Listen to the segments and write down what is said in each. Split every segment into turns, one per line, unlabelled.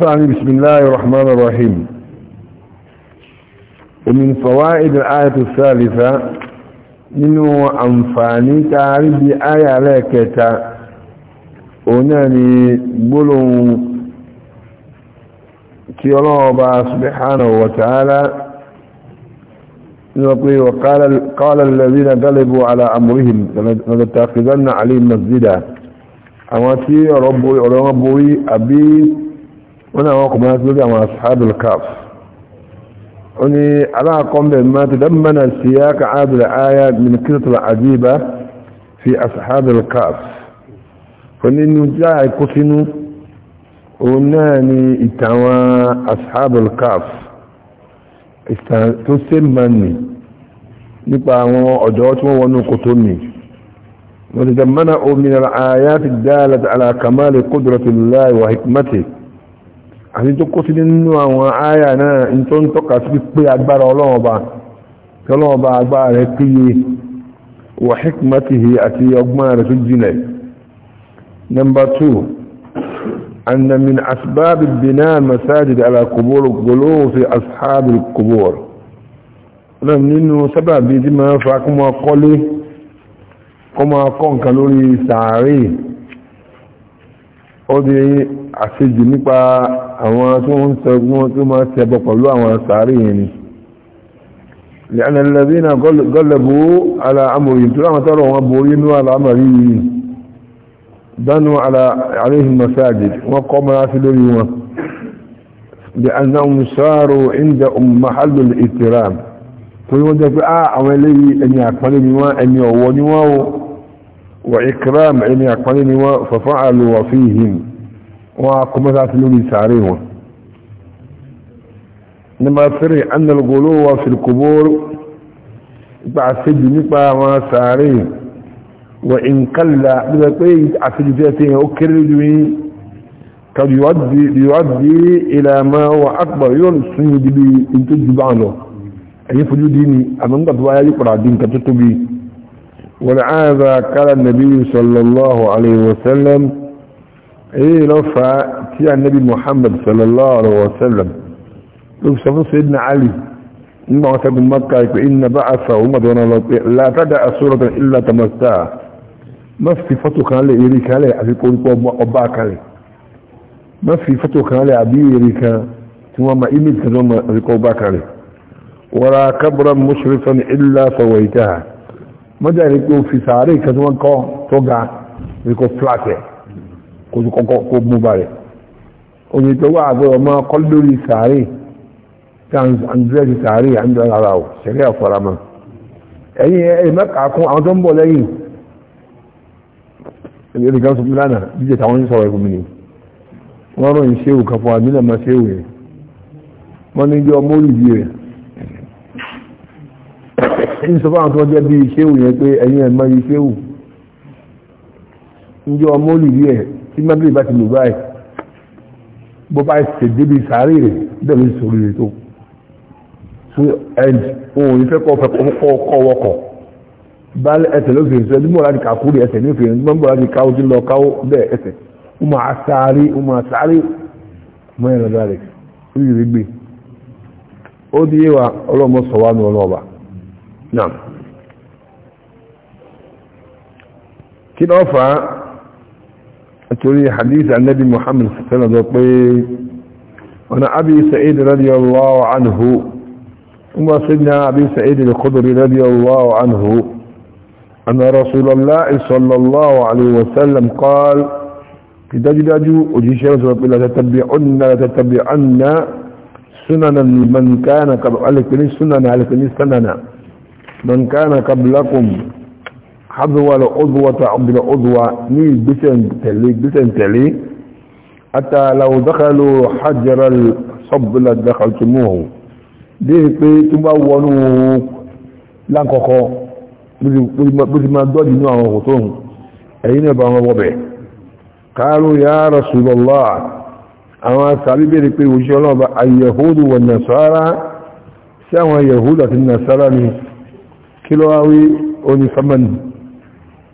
ثاني بسم الله الرحمن الرحيم ومن فوائد الآية الثالثة منه أنفاني تعريب آية لك وناني بلو كيروبا سبحانه وتعالى وقال قال الذين غلبوا على أمرهم لنتخذن عليهم مسجدا أما تي ربي ربي أبي wọ́n náà wọ́n kọ̀ mọ́lá lórí àwọn asáàbùl kaf ó ní aláàkọ́mbẹ̀ ma ti dámmana sí ya ka ábìlẹ̀ aya min kíratul àjíba fi asáàbùl kaf ó ní inú já àìkú sínú òun náà ni ìtàwọn asáàbùl kaf ìtàn tó sé mani nípa àwọn ọ̀dọ́ tí wọ́n wọnú kòtò mi وتجمنه من الآيات الدالة على كمال قدرة الله وحكمته àti tó kó sí nínú àwọn àyà náà in tó ń tọ́ka sí pé agbára ọlọ́run tí ọlọ́run agbára rẹ̀ péye wà hikmatihi àti ọgbọ́n rẹ̀ tó jinlẹ̀ number two أن من أسباب بناء المساجد على قبور الغلو في أصحاب القبور nínú sábàbí tí máa fa kó máa kọ́lé kó máa kọ́ nǹkan lórí sàárè ó di àṣejù nípa àwọn tí wọ́n ń sẹ́gun tí wọ́n sẹ́bọ̀ pẹ̀lú àwọn sàárì yẹn ni لأن الذين قلبوا على أمرهم تلعما تروا أبورين وعلى أمرهم بنوا على عليهم مساجد وقوم يعسلوا لأنهم صاروا عندهم محل الاترام فلما تقول آه أولي أن يعقلني وأن يعوني وأن وإكرام إن يقلين ففعلوا فيهم وقمتات لولي ساريهم لما تري أن الغلو في القبور بعد سجن ما ساريهم وإن قل بذلك عسج طيب فيتين أكردوين قد يؤدي, يؤدي إلى ما هو أكبر يرسل بي انتج عنه أي فجو ديني أمام قد وآيا يقرأ دين كتتبي ولعاذا قال النبي صلى الله عليه وسلم ايه لفع تيع النبي محمد صلى الله عليه وسلم لفع سيدنا علي إنما وثب مكة إن بعثه مدونا لا تدع سورة إلا تمسها ما في فتو كان لي إيري كان لي أفي قول ما في فتو كان لي أبي ثم كان ثم ما إيمي كذوما ولا كبرا مشرفا إلا سويتها mọ́jà rí pé o fi sàárè kan tí wọ́n kọ́ tó ga rí kó flat ẹ̀ kó tó kọ́kọ́ kó mú ba rẹ̀ omi tó wà àgbẹ̀ ọmọ kọ́ lórí sàárè tí àǹdírẹ́sì sàárè àǹdírẹ́sì ara ò ṣẹlẹ̀ àfọlámọ́ ẹ̀yìn ẹ̀ mẹ́ka kún àwọn tó ń bọ̀ lẹ́yìn ẹ̀rẹ́ kan sọpọ̀ lánàá jíjẹ tàwọn ń sọ̀rọ̀ ìkùnmí ni wọ́n rọ̀ ń ṣéwù kan fún àmì náà máa ṣéwù yẹn wọ́n ní jọ mórì bí rẹ̀ ń sọ fáwọn tó wọ́n jẹ́ bí iṣẹ́wù yẹn pé ẹ̀yin ẹ̀ mọ iṣẹ́wù njẹ́ ọmọ olùrí ẹ̀ tí mábìlì bá ti lò báyìí bó bá ṣe débi sàárè rẹ̀ bẹ́ẹ̀ ló sọ rere tó òun ìfẹ́ kọ́ fẹ́ kọ́ wọkọ̀ báyìí ẹsẹ̀ ló fi ṣe ẹdínwó láti kàkú rí ẹsẹ̀ ní òfin ẹdínwó bọ̀ láti káwó tí lọ káwó bẹ́ẹ̀ ẹsẹ̀ ó máa sáré ó mọ́ ẹ̀rọ dáre ó yìí gbé ó di yé wa ọlọ́mọ sọ wá ní ọlọ́ọ̀bà نعم كيف أوفى تري حديث عن النبي محمد صلى الله عليه وسلم طيب. وانا ابي سعيد رضي الله عنه ثم سيدنا ابي سعيد الخضر رضي الله عنه ان رسول الله صلى الله عليه وسلم قال بدجدج وجيشه رب الله تتبعن لتتبعن سنن من كان قبل لكن سنن على كل سنن من كان قبلكم حظوة لعضوة العضوة ميز بسن تلي بسن تلي حتى لو دخلوا حجر الحب لدخلتموه دي في تبونوا لانكوكو بس ما دودي نوع وغطون اين بام وبه قالوا يا رسول الله اما سابي بيكي وشي الله اليهود والنصارى سوى يهود النصارى kí ló wá wí oní samani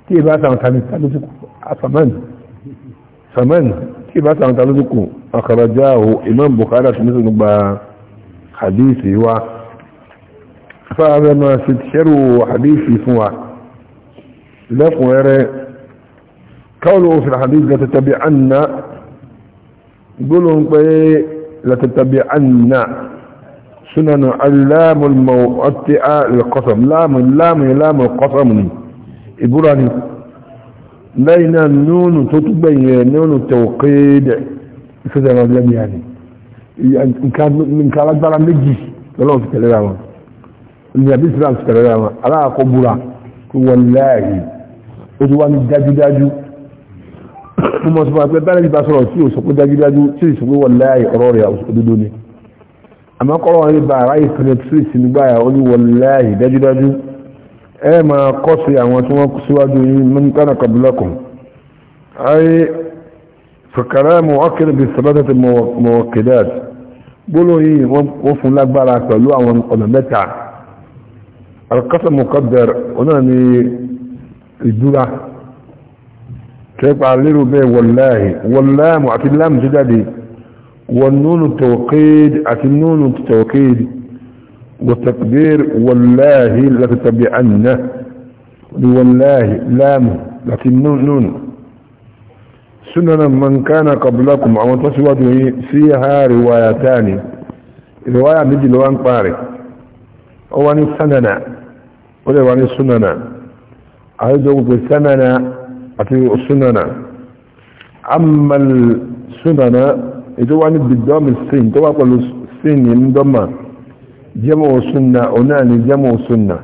tí ìbá sàwọn tàbí tàbíkù samani samani tí ìbá sàwọn tàbíkù akhrajahu imam bukhari àti mùsùlùmí gba hadisi wa fáwọn ma fi ṣẹ́rù hadisi fún wa lẹ́kùnrẹ́rẹ́ قوله في الحديث لا تتبعن قولهم لا تتبعن سنن اللام الموطئة للقسم لام اللام لام القسم إبراني لينا نون تتبين نون التوقيد فذا الرجل يعني إن كان من كان أكبر نجي ولو في كلامه النبي صلى الله عليه وسلم على قبرة والله أدوان داجو داجو mo sọ pé bẹ́ẹ̀ ni bá sọ̀rọ̀ tí o sọ pé dájúdájú tí ìsìnkú wọ̀láyé ọ̀rọ̀ rẹ̀ òdodo ni àmọ́ kọ́rọ̀ wọn ní bá ara ìsinmi tírísì nígbà oníwọláyì dájúdájú ẹ máa kọ́ sí àwọn tí wọ́n kú síwájú yìí mọ́nìkánà kọ̀bùlọ́kùn ayé fẹ̀kàrà mọ̀ ọkẹ̀rẹ̀ bí sọ́dọ̀tẹ̀ mọ̀wọ̀kẹ̀dẹ̀ gbóló yìí wọ́n fún lágbára pẹ̀lú àwọn ọ̀nà mẹ́ta alkọ́sọ̀ mọ̀kọ́bẹ̀rẹ̀ ọ̀nà ni ìdúrà kẹ́pà lérò bẹ́ẹ̀ wọláyì wọláyì àti láàmù jáde والنون التوقيد النون التوقيد والتقدير والله لتتبعن والله لام لكن نون نون سنن من كان قبلكم او تسوته فيها روايتان رواية نجي لوان قاري هو عن السننة ولو عن السننة عايزه بالسننة أتي السننة أما السننة ètò wá ní bìdọ́mì sin tó wá pẹ̀lú sin ní ndọ́mà jẹ́mọ̀ sunna ọ̀nà ni jẹ́mọ̀ sunna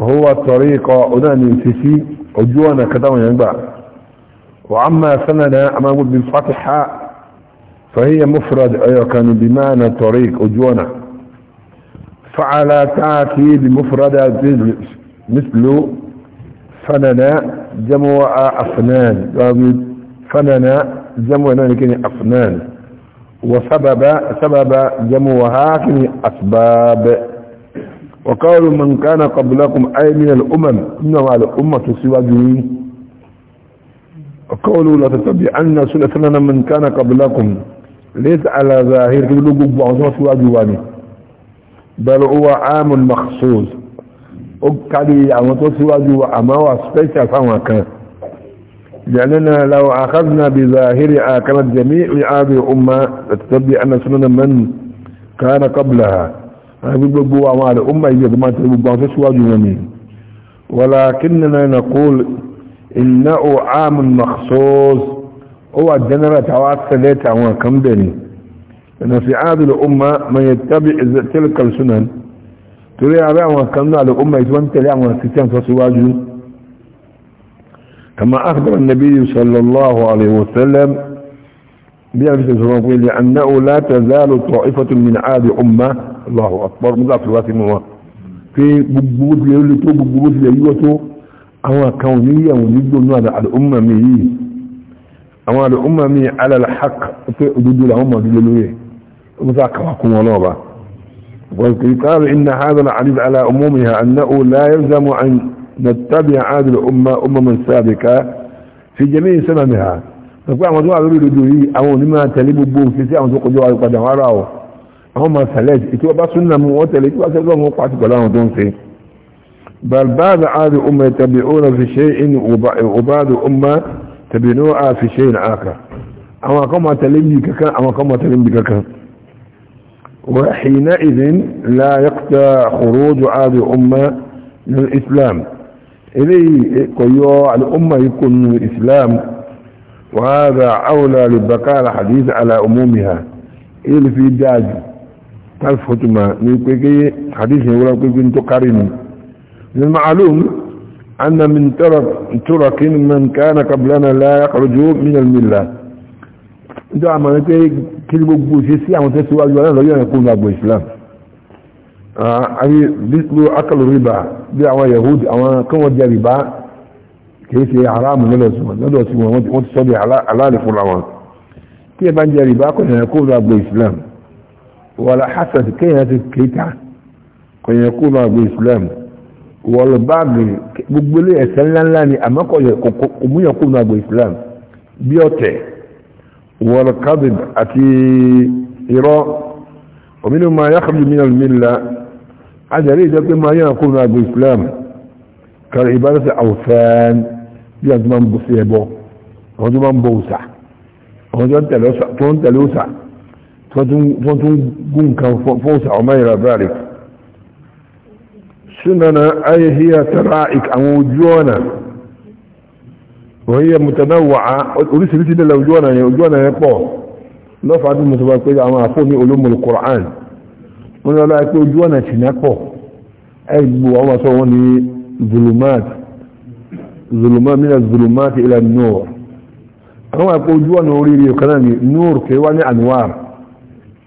هو طريق أنا ننسي أجوانا كتابا ينبع وعما سننا أما أقول بالفتحة فهي مفرد أيها كان بمعنى طريق أجوانا فعلى تأتي بمفردة مثل فننا جمع أفنان فننا جمع نكني أصنان وسبب سبب جمعها كني أسباب وقالوا من كان قبلكم أي من الأمم إنما الأمة سوى جميع وقالوا لا تتبعن سنة من كان قبلكم ليس على ظاهر كل قبع سوى جواني بل هو عام مخصوص وقالوا عمتو سوى جوا وعما هو سبيشال فما كان لأننا لو أخذنا بظاهر آكمة جميع هذه الأمة تتبع أن سنن من كان قبلها يقول أعمال الأمة إذا ما تبقى تسواجه مين ولكننا نقول إنه عام مخصوص هو الجنرة تعوات ثلاثة عوان كم بني لأن في هذه الأمة من يتبع تلك السنن تريد أن كمنا الأمة يتوان تلعوا تسان فسواجه كما أخبر النبي صلى الله عليه وسلم بيعرف لأنه لا تزال طائفة من عاد أمة الله أكبر مضاف الواسم هو في ببوت ليلته ببوت ليلته أما كونية ونجد على أمة ميه أما الأمة ميه على الحق ضد الأمة ضد الوية وذاك وكم ونوبة وقال إن هذا العديد على أمومها أنه لا يلزم عن نتبع هذه الأمة أمة من سابقة في جميع سممها نقول عمدوا عبر الدولي أو نما تليب البوم في سيئة ونسوق جوا يقعد وراءه أو ما سلاج إتوا بسنة موتلة إتوا سلاج موقع تقول لهم دونسي بل بعض عاد الأمة يتبعون في شيء وبعض الأمة تبنوها في وحينئذ لا يقتى خروج هذه الأمة من الاسلام eléyìí kò yọ al'umma yìí kò nù islam wa hadha awla lè baka alhadis ala umumiha ilé fi dájú alfotuma ní pẹ́kẹ́ hadis yẹn wọ́n pẹ́kẹ́ tó kárí ni ní ma'alum anna min turakin man kana qablana la yakhruju min al-milla ndo amana ke kí gbogbo ṣe sí àwọn tẹ́síwájú aláàlọ́yọ̀ ẹ̀kọ́ ìgbàgbọ́ islam Ah, ayi bislu akalu riba bí àwọn yahudi àwọn kan wọ́n jẹ riba kìí ṣe haramu lọ́dọ̀ sí wọn lọ́dọ̀ sí wọn wọ́n ti sọ di aláàlì fún wọn tí ẹ bá ń jẹ riba kò yẹn kó lọ àgbò islam wàlá hasan kéèyàn ti kéta kò yẹn kó lọ àgbò islam wàlá báàgì gbogbo ilé ẹ̀ṣẹ̀ ńláńlá ni àmọ́ yẹ kò mú yẹn kó lọ àgbò islam bí ọ̀tẹ̀ wàlá kadib àti irọ́ ومنهم ما يخرج من المله àjẹ̀rí ìjọ pé máa yẹ́nà kóòrò àgbò islam kàrì ìbáraṣẹ́ àwòfẹ́n bí i àtúmọ̀ ń bọ̀ sí ẹbọ àwọn tó máa ń bọ òsà àwọn tó ń tẹ̀lé òsà tó tún gún nǹkan fún òsà ọmọ ìrà bíráre súnana ayéhíyà tara àwọn ojú ọ̀nà wọ́n yẹ mùtánà wà á oríṣiríṣi nílẹ̀ ojú ọ̀nà yẹn ojú wọ́n lọ́la pé ojú ọ̀nà ṣìnápọ̀ ẹgbù àwọn sọ wọ́n ní zulumat zulumat mina zulumat ila nur àwọn àpò ojú ọ̀nà oríire kanáà ní nur kí wá ní anwar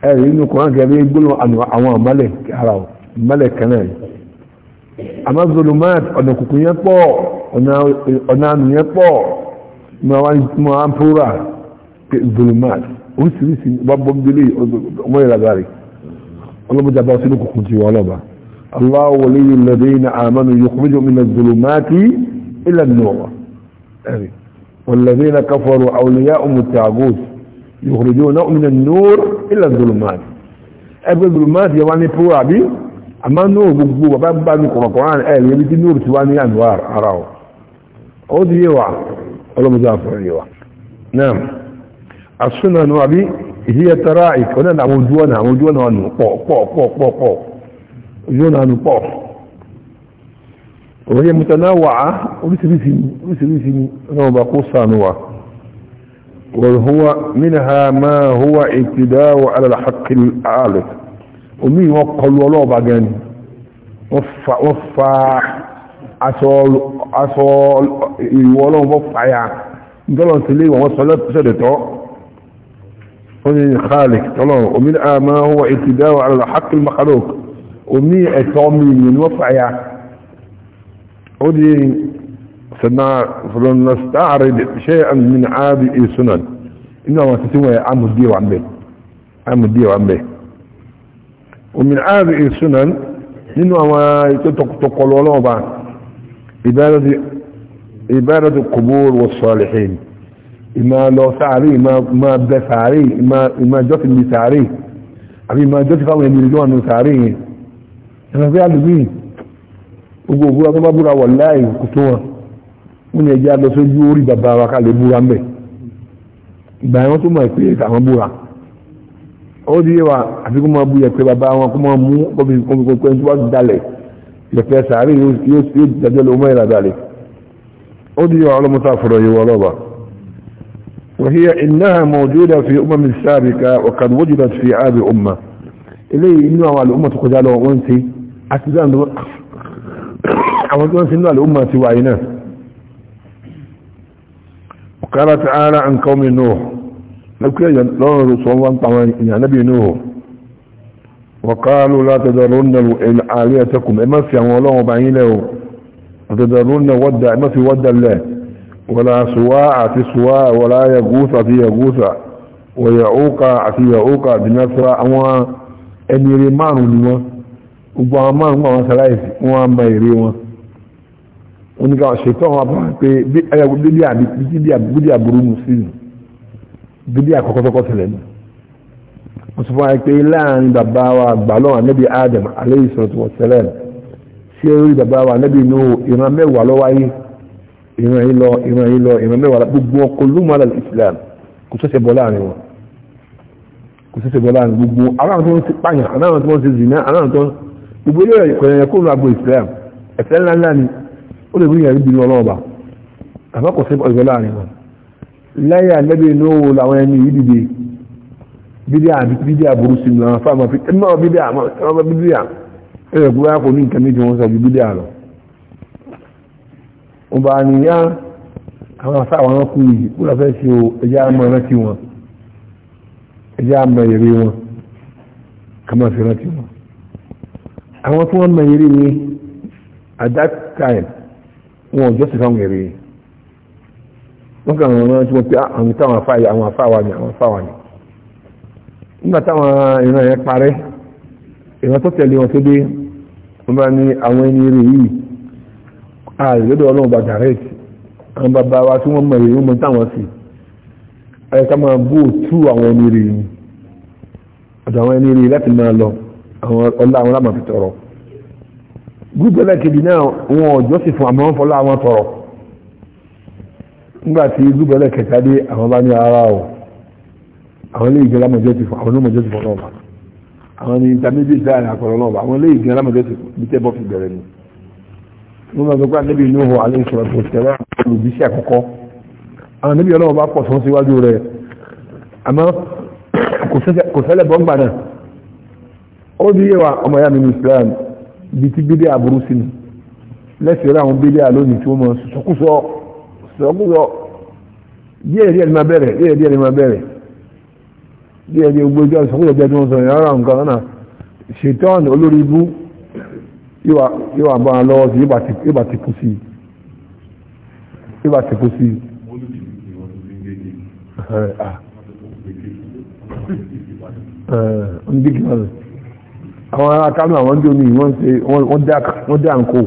ẹ̀rí inú kọ̀ọ̀án gẹ̀rẹ́ gbólọ̀ àwọn àmàlẹ̀ ara mẹ́lẹ̀ kanáà ní àmá zulumat ọ̀nà kùkù yẹn pọ̀ ọ̀nà ànù yẹn pọ̀ ma wá ń púra zulumat oríṣiríṣi wá bọ́ gbélé ọmọ ìlàgbárí ọlọ́bùjá bá sínú kùkùn ti wọ́n lọ́ba Allah wòlíyí lẹ́dẹ́yìn àmánu yọkùnrin omi na والذين كفروا أولياء التعبوت يخرجون من النور إلى الظلمات أبو الظلمات يواني فوا بي أما النور بقبوبة بابا من قرآن قال يبيت النور سواني أنوار يعني أراه أود يوع ولا مزافر يوع نعم السنة نوع بي onye mụaa aba ụsanwa a a hụa la awa قل خالق طلعه ومن آه ما هو ابتداء على الحق المخلوق ومن اتومي من ودي وفعيا فلن نستعرض شيئا من عادي السنن انما تسوى عم الدي وعم به عم الدي وعم به ومن عادي السنن انما تقول بعد عبادة عبادة القبور والصالحين ìmọ̀ lọ sàárè ìmọ̀ bẹ sàárè ìmọ̀ jọ́sìn ní sàárè àbí ìmọ̀ jọ́sìn fáwọn ẹni ìjọ́ ọ̀nà sàárè yẹn ẹ̀rọ pé àdúgbì gbogbo òbúra tó bá búra wọ̀ láì kò tó wọn ó ní ẹjẹ́ lọ sójú orí bàbá wa ká lè búra ń bẹ̀ ìgbà yẹn wọ́n tó mọ̀ pé àwọn búra ó di wa àfi kó máa bu yẹ̀pẹ̀ bàbá wọn kó máa mú kóbi kókó ẹni tó bá ti dalẹ̀ yẹ̀pẹ̀ sàárè yóò dájọ́ lọ́wọ́ mọ́ ìlà dalẹ̀ ó di wa ọlọ́mọta fọ̀rọ̀ yìí wọ́ ọlọ́ba وهي إنها موجودة في أمم سابقة وقد وجدت في هذه الأمة إليه إنه على الأمة قدالة وأنتي أتزان أود أنسي إنه على الأمة وعيناه وقال تعالى عن قوم نوح لو كان لون رسول الله طبعا يا نبي نوح وقالوا لا تذرون آليتكم إما في أمولهم وبعين له وتذرون ودع إما في ودع الله ولا سواء في سواء ولا يغوث في يغوث ويعوق في يعوق بنصر أما أمير مانو نما وبا ما سلايف وما بيري وما oníkà ṣètò àwọn abọ́ pé ẹgbẹ́ bíbí àbí bíbí àbúrú mùsùlùmí bíbí àkọ́kọ́tọ́kọ́ tẹ̀lẹ̀ ní wọ́n sọ fún wa pé Adam ìran yìí lọ ìran yìí lọ ìran mẹ́wàá gbogbo wọn kò lóun àlàlù islam kò sọ́sẹ̀ bọ́ láàrin wọn kò sọ́sẹ̀ bọ́ láàrin gbogbo aláwọn tó ń ti pààyàn aláwọn tó ń ti zìnà aláwọn tó ń gbogbo ilé ìkọ̀yẹ̀yẹ kó lóun àgbo islam ẹ̀fẹ́ ńlá ńlá ni ó lè gbìyànjú bínú ọlọ́ọ̀bà àmọ́ kò sọ́sẹ̀ bọ́ láàrin wọn láyé àlẹ́bí lówó làwọn ẹni yìí dìde bídí àbí bídí àbúrú sí mi làwọn fáwọn ọba àníyá àwọn àtàwọn ọkùn yìí kúrò fẹ́ ṣe o ẹjá mọ́ rántí wọn ẹjá mọ́ èrè wọn kàmá fi rántí wọn àwọn tí wọ́n mọ èrè ni at that time wọn ò jọ́sìn fáwọn èrè wọ́n kàn wọ́n rántí wọn pé ah, àwọn táwọn afáyà àwọn afáwà ni àwọn afáwà ni nígbà táwọn ìran yẹn parẹ́ ìran tó tẹ̀lé wọn tó dé wọ́n bá ní àwọn ẹni èrè yìí àìlódò ah, ọlọ́run bá dàrẹ́ẹ̀tì àwọn bàbá wa tí wọ́n mọ̀ èyí mọ̀ táwọn sí ẹ̀ka máa bú òtú àwọn ẹni rí ni ọ̀dọ̀ àwọn ẹni rí láti máa lọ àwọn ọlá àwọn lámà fi tọrọ gúúgbẹ́ lẹ́kejì náà wọn ọ̀jọ́ sì fún àmọ́ fọlá àwọn tọrọ nígbà tí gúúgbẹ́ lẹ́kẹta dé àwọn bá ní ara o àwọn ilé ìgbẹ́ lámọ̀jọ́ ti fún àwọn onímọ̀jọ́ ti fún ọlọ́ọ̀bà àwọn ní intermediate láàrin àkọlọ́ọ̀bà àwọn ilé ìgbẹ́ lámọ̀jọ́ ti fún bí wọ́n máa gbẹ́gbẹ́ níbi inú ọ̀hún alẹ́ ìṣòro tó ṣẹlẹ̀ olùdíṣẹ́ àkọ́kọ́ àwọn níbi ọlọ́wọ́ bá pọ̀ sọ́n síwájú rẹ̀ àmọ́ kò ṣẹlẹ̀ bọ́ǹgbà náà ó di yé wa ọmọ ya nínú Islam bíi ti bídé aburú sí ni lẹ́sìn rẹ̀ àwọn bídé àlónì tí wọ́n mọ sọ́kúsọ sọ́kúsọ díẹ̀ díẹ̀ ni máa bẹ̀rẹ̀ díẹ̀ díẹ̀ ni máa bẹ̀rẹ̀ díẹ̀ díẹ̀ gbogbo ìjọ sọ́kúsọ yóò wà bọ́ wọn lọ́wọ́ sí yóò bá ti kú sí yóò bá ti kú sí. ndíkì wọn lọ àwọn ará kánú àwọn tó ní wọ́n ṣe wọ́n dá nǹkó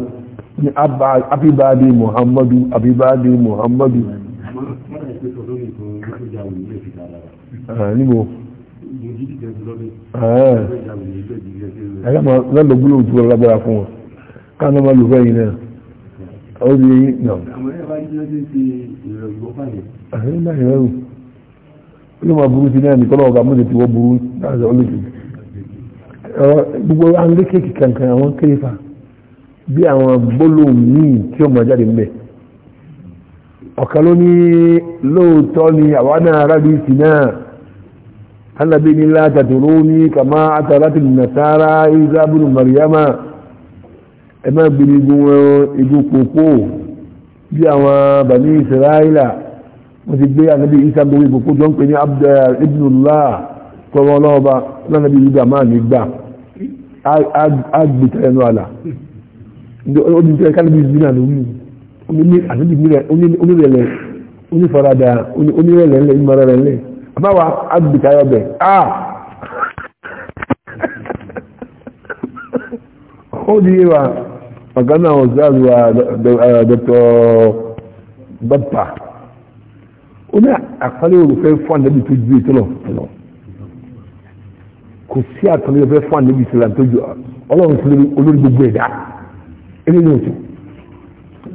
ní abibadi muhammadu abibadi muhammadu. níbo ẹ̀ka máa lọ́lọ́ gbólóhùn tí wọ́n lágbára fún wọn káàná máa lò fẹ́yìn náà ó di eyín náà. àwọn ẹ̀rọ bá ń jẹ́ ọdún ti ìrọ̀ ìgbọ́pàdé. àṣírí náà ìrọ̀ ìrù ó lè máa burú sí náà nìkan náà ọ̀gá mọ́tò tí wọ́n burú láti ọlọ́sìn. gbogbo àwọn lékèké kankan àwọn kéèfà bí àwọn gbólóhùn míì tí ó máa jáde ń bẹ̀. ọ̀kan ló ní lóòótọ́ ni àwa náà rábìsì náà annabi ni la tatruni kama atarat an-nasara isa ibn maryama ẹ má gbé igun igun pòpò bí àwọn bani israila wọ́n ti gbé anabi isa gbogbo ìpòpò jọ ń pè ní abdul ibnullah tọrọ ọlọ́ọba lánàbí yuda máa ní gbà agbètò ẹnu àlà ó ní tẹ́lẹ̀ kálíbi ìzúná lórí onílẹ̀ onírẹ̀lẹ̀ ńlẹ̀ ìmọ̀ràn rẹ̀ ńlẹ̀ àbáwà agbèkáyọ̀ bẹ̀ ah ó di wa ọ̀gánà ọ̀sáàzù wa dr eh, bapa ó ní àkọlẹ̀ olùfẹ́ fún àdébì tó ju ètò lọ kò sí àkọlẹ̀ olùfẹ́ fún àdébì tó lọ ju ọlọ́run sí olórí gbogbo ẹ̀dá ẹni ní òtún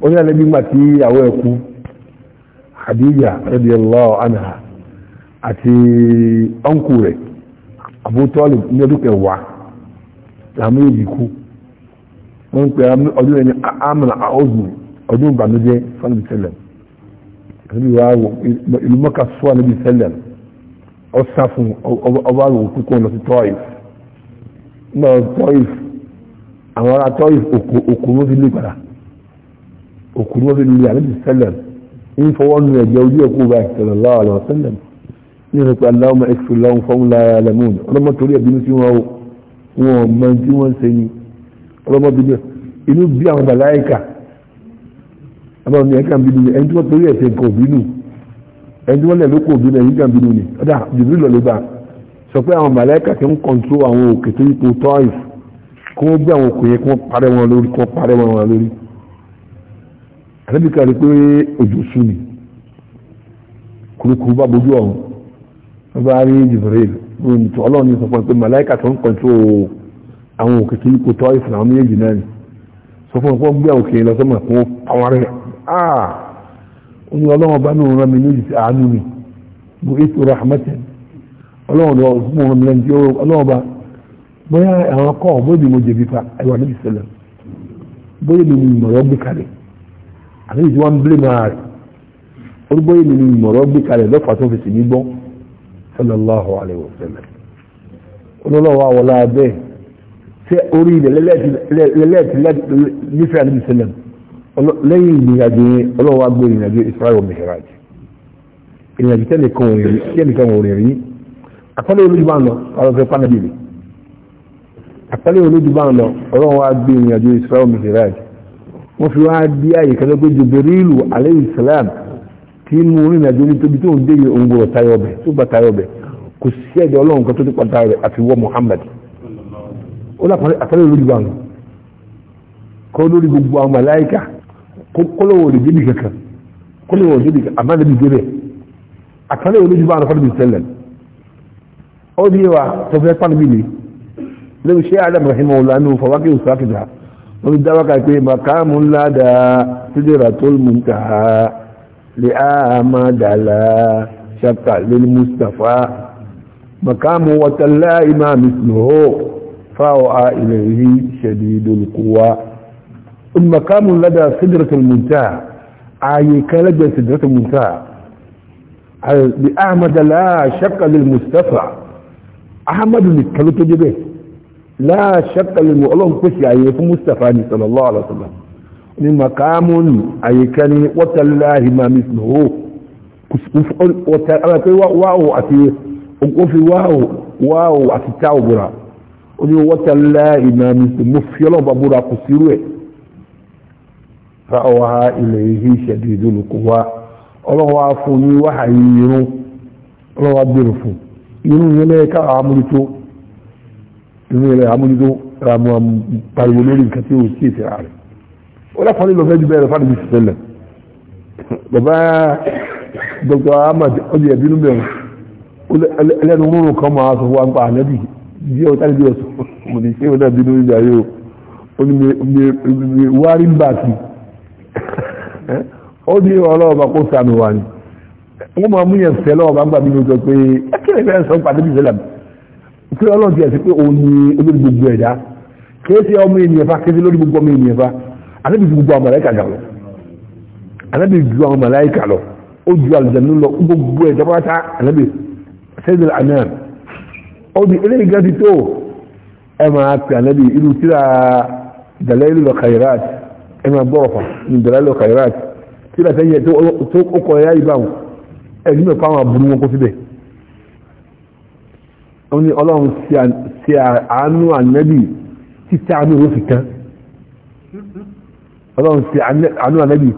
ó ní àdébì tí àwọn ẹ̀kú àti ọ́nkù rẹ̀ àbútọ́lù ní ọdún kẹwàá làmú èjì kú wọ́n ń pè ọdún ẹni àmàlà àọ́zùn ọdún ìbànújẹ́ fánàbí sẹ́lẹ̀m àti wà wọ ìlú mọ́ka sọ́ àníbi sẹ́lẹ̀m ọ sá fún ọba àwọn òkú kan lọ sí tọ́ìf nígbà tọ́ìf àwọn ará tọ́ìf òkú ló fi lé padà òkú ló fi lé àníbi sẹ́lẹ̀m ń fọwọ́ nu ẹ̀jẹ̀ ojú ẹ̀kú báyìí sẹ́lẹ̀m nínú pé aláwọ̀mọ̀ ẹ̀fù lọ́wọ́ fọ́nlá lẹ́mùn ọlọ́mọ torí ẹ̀bínú sí wọn wọn mọ tí wọ́n ń ṣe ni ọlọ́mọ bíbẹ̀ inú bí àwọn bàláìkà àbáwọn ní ẹ̀ka bínú ni ẹni tí wọ́n torí ẹ̀sẹ̀ nǹkan bínú ẹni tí wọ́n lẹ̀ lóko bínú ẹ̀yìn kan bínú ni ọ̀dà jùlọ lọ ló bá sọ pé àwọn bàláìkà ti ń kọ̀ntró àwọn òkè tó yípo tọ́ìf kí bá bojú ọ̀hún wọ́n bá rí Jibril wọ́n tó ọlọ́run ní sọpọ̀ pé màláìkà tó ń kọ̀ntró àwọn òkè kí kò tọ́ ìfìlà àwọn méjì náà ni sọ fún ọ̀pọ̀ gbé òkè lọ sọ́mọ̀ fún àwọn rẹ̀ áà ah! ó ní ọlọ́run bá ní òun mi méjì sí àánú mi bu ètò rahmatin ọlọ́run lọ fún òun mi lẹ́nu tí ọlọ́run bá bóyá àwọn akọ́ bóyá mo jẹ̀bi fa ẹwà níbi sẹlẹ̀ bóyá mi ni ìmọ̀rọ̀ gbé kalẹ̀ àti ìdí wọn blé máa rẹ̀ bóyá mi ni ìmọ̀rọ̀ gbé kalẹ̀ lọ́fà tó fi sì ní gbọ́n sallallahu alayhi wa sallam olólọ́wọ́ àwọlá abẹ́ tẹ orí ilẹ̀ lẹ́lẹ́tì nífẹ̀ẹ́ àdébí sẹlẹ̀m lẹ́yìn ìgbìyànjú olówó agbó ìrìnàjò israel mihraj ìrìnàjò tẹ́nìkan òrìn rí àpẹẹrẹ olójúbà lọ ọlọ́fẹ́ pánàbìlì àpẹẹrẹ olójúbà lọ olówó agbó ìrìnàjò israel mihraj wọ́n fi wá dí àyíká lọ́gbẹ́jọ bẹ̀rẹ̀ ìlú alayhi salam kí mú orin àjò ní tóbi tó ń dé ohun gbọ́dọ̀ tayọ bẹ̀ tó bá tayọ bẹ̀ kò sí ẹ̀dẹ̀ ọlọ́run kan tó ti pàtà rẹ̀ àti wọ́ Muhammad ó lápàdé àtàlẹ́ lórí wa kọ́ lórí gbogbo àwọn màláìkà kọ́lọ́wọ́ lè débi kankan kọ́lọ́wọ́ lè débi kankan àmọ́ lè débi rẹ̀ àtàlẹ́ lórí wa àrùn sẹ́lẹ̀ ó di wa tọ́fẹ́ pàmì mi لآمد لا شك للمصطفى مقام وتلا إمام مثله فوعى إليه شديد القوى المقام لدى سدرة المنتهى أي لدى سدرة المنتهى لآمد لا شك للمصطفى أحمد نتكلم لا شك للمؤلم كشي يعني عيه مصطفى صلى الله عليه وسلم ni makamun àyíká ni wọ́tàláhì máa mi sùn ó wọ́tàláhì wáwò àti ó fi wáwò àti táwò búra ó ní wọ́tàláhì máa mi sùn mo fi ọlọ́ọ̀bà búra kò sírú ẹ̀ fáwọ́ ilẹ̀ ihe ìṣẹ̀dù ìdólùkọ́ wa ọlọ́wọ́ fún ní wáhàyí irun ọlọ́wọ́ bẹ̀rẹ̀ fún irun yẹn lẹ́yìn ká àmójútó irun yẹn lẹ́yìn wọ́n lọ́fọ́ nílò fẹ́ ju bẹ́ẹ̀ lọ fáwọn ibi ìṣẹ̀lẹ̀ bàbá Dr. Ahmad ọdún ẹ̀bí nù bẹ̀rù ẹlẹ́nu múrùn kan máa sọ fún wa ń pa àlẹ́bì bí ọ̀tá níbi ọ̀sán mo ní ṣé ọ̀dà bínú ìgbà yóò ó ní mi wárí ń bà sí ó ní ọlọ́ọ̀bà kó sànù wa ni wọ́n máa mú yẹn fẹ́ lọ́ọ̀bà ń gbà bínú sọ pé akẹ́rẹ́ fẹ́ sọ pàdé bí ìṣẹ̀lẹ̀ pé ọlọ́ọ̀dì ẹ̀sìn pé òun ni olórí gbogbo ẹ̀dá kí ó anábì ju gbogbo àwọn màláìkà gà lọ anábì ju àwọn màláìkà lọ ó ju àlùjànnú lọ gbogbo ẹ̀dá pátá anábì sẹ́dẹ̀ anáà ó di eléyìí gan ti tó ẹ máa pè anábì irú tíra Dalailul Khairat ẹ máa bọ̀ ọ̀fà ní Dalailul Khairat tíra sẹ́yìn tó ó kọ̀ ẹ̀yà ìbáwò ẹ̀ nígbà fáwọn àbúrú wọn kó síbẹ̀ ó ní ọlọ́run ṣe àánú ànábì títí àánú òun fi kán ọlọ́run ti àánú ànábì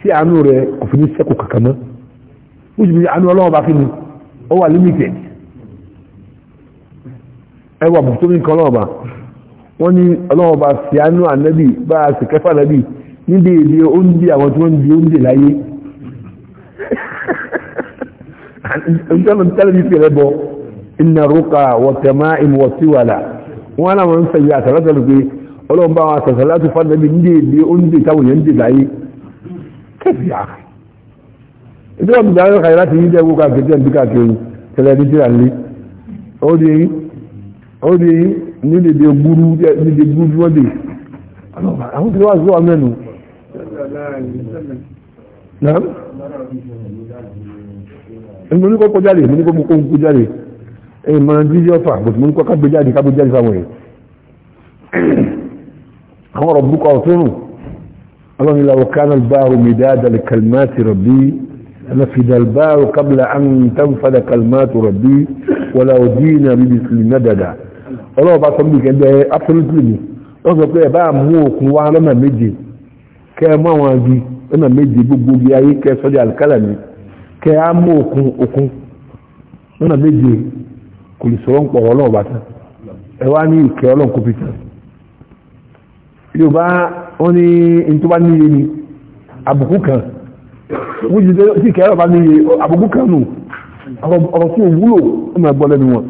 tí àánú rẹ̀ kò fi ní sẹ́kù kankan mọ́ ó sì fi àánú ọlọ́run bá fi ni ó wà limited ẹ wà bùkútó ní nǹkan ọlọ́run bá wọ́n ní ọlọ́run bá fi àánú ànábì bá a sì kẹfà ànábì níbi èdè oúnjẹ àwọn tí wọ́n ń di oúnjẹ láyé ìjọba tẹ́lẹ̀ fi rẹ̀ bọ iná rúkà wọ̀tẹ̀má ìmọ̀síwàlà wọ́n náà wọ́n ń sẹ́yìn àtàlọ́tọ̀ ọlọ́run bá wa sọ̀sọ̀ láti fún àdébí ní èdè oúnjẹ táwọn èèyàn ń dè láyé kẹfì àkà ìdí wọn bìbí àwọn kàyẹ́ láti yí jẹ́ gbogbo àgbẹ̀jẹ́ ń bí káàkiri tẹ̀lé ẹni tí a lé ó di eyín ó di eyín ní èdè gbúrú ní èdè gbúrú wọ́n dè àwọn tí wọ́n sọ wà mẹ́nu. èmi ní kọ́kọ́ jáde èmi ní kọ́kọ́ kọ́kọ́ jáde èmi mọ̀ ní díjọ́ fà bọ̀tún mọ̀ ní kọ́kọ́ gbé jáde kábó jáde fáwọn yẹn àwọn ọ̀rọ̀ búkọ̀ ọ̀tún ọlọ́run ilẹ̀ ọ̀kánà báàrù midada li kalmati rabbi لنفد الباء قبل أن تنفد كلمات ربي ولا أدين بمثل مددا ọlọ́wọ́ bá sọ́mọ́ ìkẹ́ ẹgbẹ́ absolutely ni wọ́n sọ pé ẹ̀bá mú òkun wá kẹ́ ẹ ní ìkẹ́ ọlọ́run kò yóò bá wọ́n ní in tó bá níye ni àbùkù kan wọ́n jí sí kẹ́rọ bá níye àbùkù kan nù ọ̀rọ̀ fún òwúlò ọmọ ẹgbọ́n lẹ́nu wọn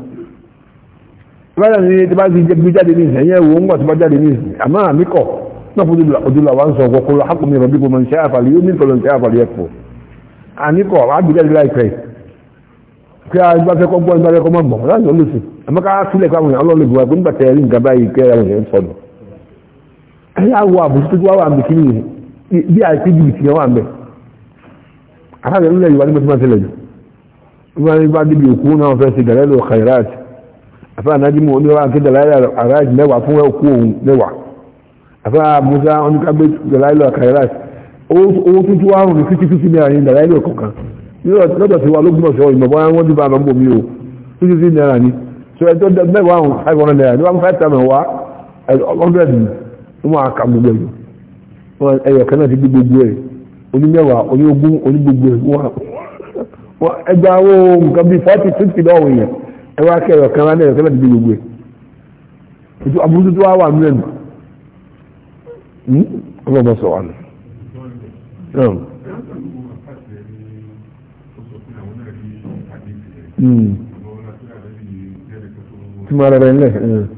rárá ni tí bá ti jẹ́ gbé jáde ní ìsìn ẹ̀yẹ́ wo ń gbà tó bá jáde ní ìsìn àmọ́ àmì kọ̀ náà fún ojúlọ àwọn sọ ọ̀pọ̀ kọlọ hákùnmí rọ̀bí kò mọ̀ ní sẹ́yàfàlì yóò ní ìfọ̀lọ̀ ní sẹ́yàfàlì ẹ̀pọ̀ àmì kọ̀ àgbé jáde láìpẹ́ kí a bá fẹ́ kọ́ gbọ́ ìbá fẹ́ kọ́ mọ̀ gbọ̀n láti lọ́lọ́sì àmọ́ ká sílẹ̀ káwọn èèyàn ọlọ́lẹ̀ gbọ́ ẹ̀yà wọ àbùsù tó wà mẹ́ kìíní rẹ̀ bí a ti jìbìtì yẹn wà mẹ́ àtàkùn ilẹ̀ yorùbá ní mọ́tí máa tẹ́lẹ̀ jù wọ́n bá débi òkú náà fẹ́ ṣe gàlẹ́ lọ kàìráàtì àfẹ́ ànájímọ̀ ní wọ́n kí dàláyà àráàjì mẹ́wàá fún òkú òun mẹ́wàá àfẹ́ àmúsá oníkàgbé dàláyà lọ kàìráàtì owó tó tó wà rùn ní fífi fífi náírà ní dàláyà lọ kọ̀ọ̀kan lọ́dọ̀ tí wà lógún ọ̀sẹ̀ ìmọ̀ bọ́n wọ́n dúbà àmọ́ bomi o fífi fífi náírà ní so ẹjọ́ mẹ́wàá àrùn five hundred naira ní wọ́n five thousand wá hundred wọ́n á ka gbogbo ẹ̀yọ wọ́n ẹ̀yọ kan náà ti gbé gbogbo ẹ̀ onímẹ̀wàá oníogún onígbogbo ẹ̀ wọ́n ẹgbẹ́ àwọn nǹkan bíi forty fifty lọ́wọ́ èèyàn ẹ wá kẹ́ ẹ̀yọ kan náà ẹ̀yọ kan náà ti gbé gbogbo ẹ̀ ètò àbúrúdú tó wá wà nílẹ̀ hmm? nù ọlọ́mọ sọ wà nù. tí mo rẹ̀ rẹ̀ ń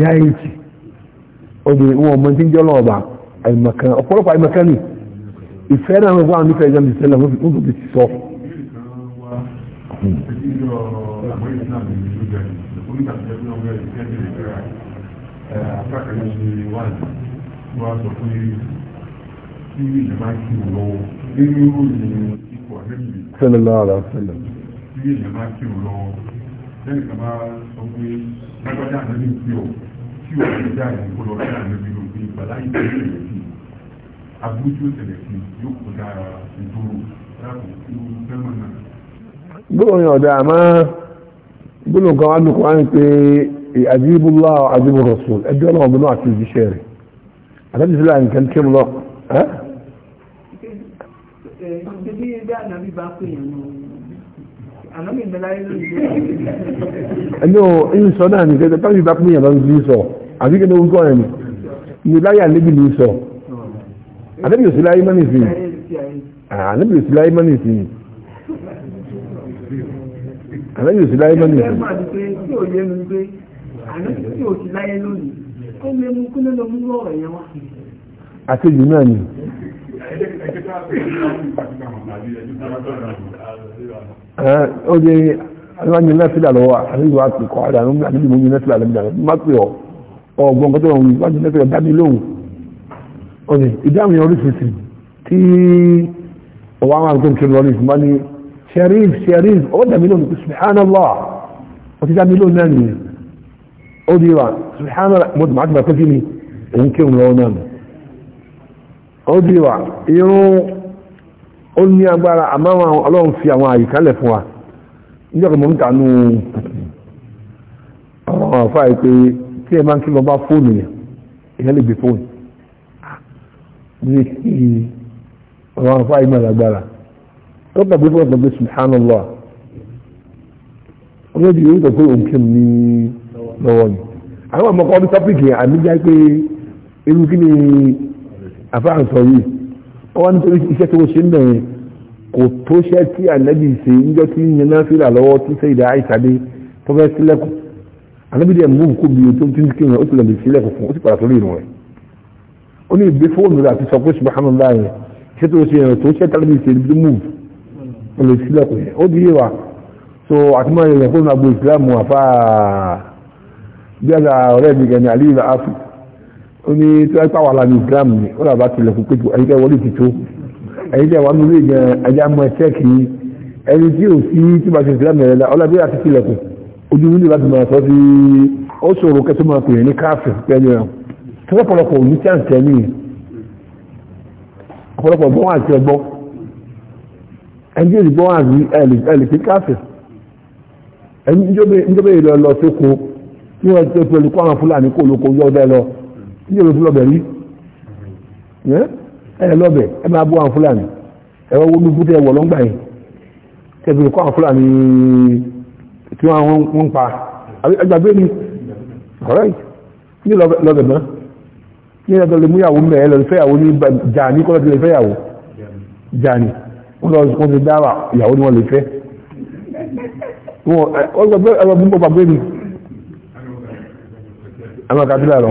yáyìtì obìnrin wọn ọmọ tí ń jọ́lọ́ ọba àìmọ̀kan ọ̀pọ̀lọpọ̀ àìmọ̀kan ni ìfẹ́ náà wọ́n wà nífẹ̀ẹ́ ìjọba ìṣẹ̀lẹ̀ wọ́n fi tóbi ti sọ. Sẹ́lẹ̀ lọ́wọ́ sẹ́lẹ̀ lẹ́yìn kan bá sọ pé lágbájá àná ní ìpín ọ̀ tí ò lè dá ìlú kó lọ sí àná bí ló pé ìgbàlá ìgbà yóò lè sí abúlé tí ó tẹ̀lé sí yóò kó dára ìdúró láàbò tí ó fẹ́mọ̀ náà. gbóòyìn ọ̀dà àmọ́ gbóòyìn kan wá dùn kó wá ní pé àdìbùlá àdìbù rọ̀sùn ẹjọ́ náà ọ̀gbìn náà àti ìjíṣẹ́ rẹ̀ àtàkì nǹkan kí n lọ. ṣe bí ẹgbẹ́ àná bá pè yàn náà ẹni o ẹni sọ náà ní kẹta táwọn ìbá pín yàrá ń bí sọ àti kẹta orúkọ ẹ ní ní láyé àlébi ní sọ àlébi òsì láyé mọ́nì sí àlébi òsì láyé mọ́nì sí àlébi òsì láyé mọ́nì sí. àti jù náà ni ó dé aláwọ̀ yẹn náfìlà lọ́wọ́ àlejò àtìkọ́ àlejò mú yẹn náfìlà lọ́wọ́ má pè ọ́ ọgbọ́n kọ́tọ́ wọn wí wájú náfìlà dá mi lóhùn ó dé ìdáhùn yẹn oríṣiríṣi tí ọwọ́ àwọn àgbẹ̀ kiri lọ́rí fún bá ní sharif sharif ó dà mí lóhùn subhanallah ó ti dá mi lóhùn ó ní agbára àmọ́ ọlọ́run fi àwọn àyíkálẹ̀ fún wa níjọ́kọ̀ mọ́ ń tànú ọ̀rọ̀ àfá ìpé tí ẹ máa ń kí lọ bá fóònù yẹn ìyẹn lè gbé fóònù ní ah, kí ọ̀rọ̀ àfá ìmọ̀ lágbára tó gbàgbé fún ọ̀gbẹ́ subhanallah ọmọ ìdí yóò tọ́kọ́ òun kí ní lọ́wọ́ ni àwọn àmọ́kọ́ ọdún tọ́pìkì àmì jẹ́ pé irú kí ni àfáà sọ yìí wọ́n nítorí iṣẹ́ tó ṣe ń bẹ̀rẹ̀ kò tó ṣẹ́ tí ànábì ṣe níjọ́ tí yẹn náà fi là lọ́wọ́ tí sẹ́yìn dá àìsà dé tó fẹ́ sílẹ̀kùn ànábì dẹ̀ mú kó bí o tó ti ń kí wọn ó ti lọ lè sílẹ̀kùn fún ó sì padà sórí ìrùn rẹ̀ ó ní ìgbé fóònù rẹ̀ àti sọpé subhanallah yẹn iṣẹ́ tó ṣe yẹn tó ṣẹ́ oní tí wọ́n pàwọ́ alámi gram ni ó làbá tilẹ̀ fún péjú ẹ̀yin tẹ́ wọlé tuntun ẹ̀yin tẹ́ wọ́n lórí gan ẹja mọ ẹsẹ̀ kì í ẹni tí ò sí tí wọ́n ti gram yẹn la ọlọ́bí àti tilẹ̀kùn ojú wíńdò láti máa sọ sí ó ṣòro kẹtọ́ máa pè ní káàfì pẹ̀lú ẹ̀ tí wọ́n pọ̀lọpọ̀ òní tí à ń tẹ̀ ní ọ̀pọ̀lọpọ̀ gbọ́n àti ọgbọ́n ẹni tí ìgbọ́n àti ẹ̀lì sí káàfì ẹni níjọba ìlọ lọ sí oko tí wọ́n ti pẹ̀lú kó àwọn fúlàní kó olóko yọ́ ọdẹ lọ ní ìròtú lọ́bẹ̀ rí ẹ lọ́bẹ̀ ẹ máa bú àwọn fúlàní ẹ wọ́n wọ́n bútẹ́ wọ̀ lọ́ngbà yìí tẹ̀sí kọ́ àwọn fúlàní tí wọ́n ń pa àgbàgbé ni correct ní lọ́bẹ̀ mọ́ ní ẹ̀dọ̀ lè múyàwó mẹ́ ẹ lọ́dún fẹ́yàwó ní jàní kọ́ lọ́dún lè fẹ́yàwó jàní wọ́n lọ wọ́n ti dáwà ìyàwó ni wọ́n lè fẹ́ wọ́n gbàgbé ni
àwọn kàbílà lọ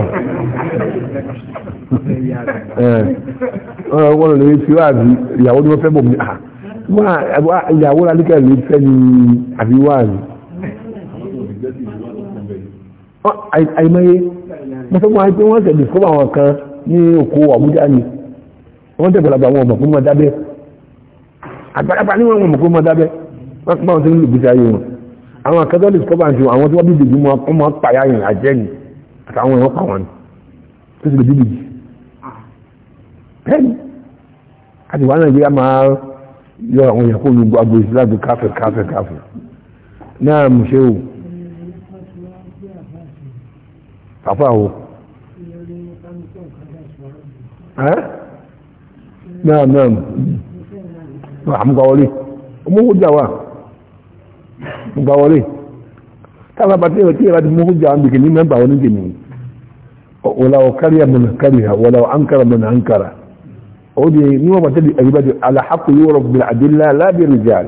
ọ̀rọ̀ wọ́n lè fi wáàbí ìyàwó ni wọ́n fẹ́ bọ̀ mí ah, ìyàwó lálẹ́kẹ̀ lè fẹ́ ni àbí wáàbí àìmọye mo fẹ́ mọ́ àìpé wọ́n tẹ̀ dìskọ́bà àwọn kan ní oko Àbújá ni wọ́n tẹ̀ gbọ́dọ̀ àwọn ọmọ fún mọ́ dábẹ́ àgbàlagbà ní wọn mọ̀ fún mọ́ dábẹ́ wọ́n ti ń lùgbìsí ayé wọn àwọn akẹ́kọ̀ọ́ dìskọ́bà ju àwọn tí wọ́n bí dèjú mọ́ pàyà yìí àjẹ́ yìí àtàwọn èèyàn pàwọn ni tó sì lè bí lèjì bẹ́ẹ̀ni àti wàhálà ìgbéga máa yọ àwọn èèyàn kó lu agbo ìsìláàbù káfẹ́ káfẹ́ káfẹ́ náà mú ṣe o àfa o náà náà náà mú gbà wọlé mú kó jà wá mú gbà wọlé táwọn abàtí ẹ̀rọ tí ẹ̀rọ ti mú kó jà wá nìkan ní mẹ́mbà ولو كره من كره ولو انكر من انكر ودي ما بدل اجبد على حق يورب بالادله لا بالرجال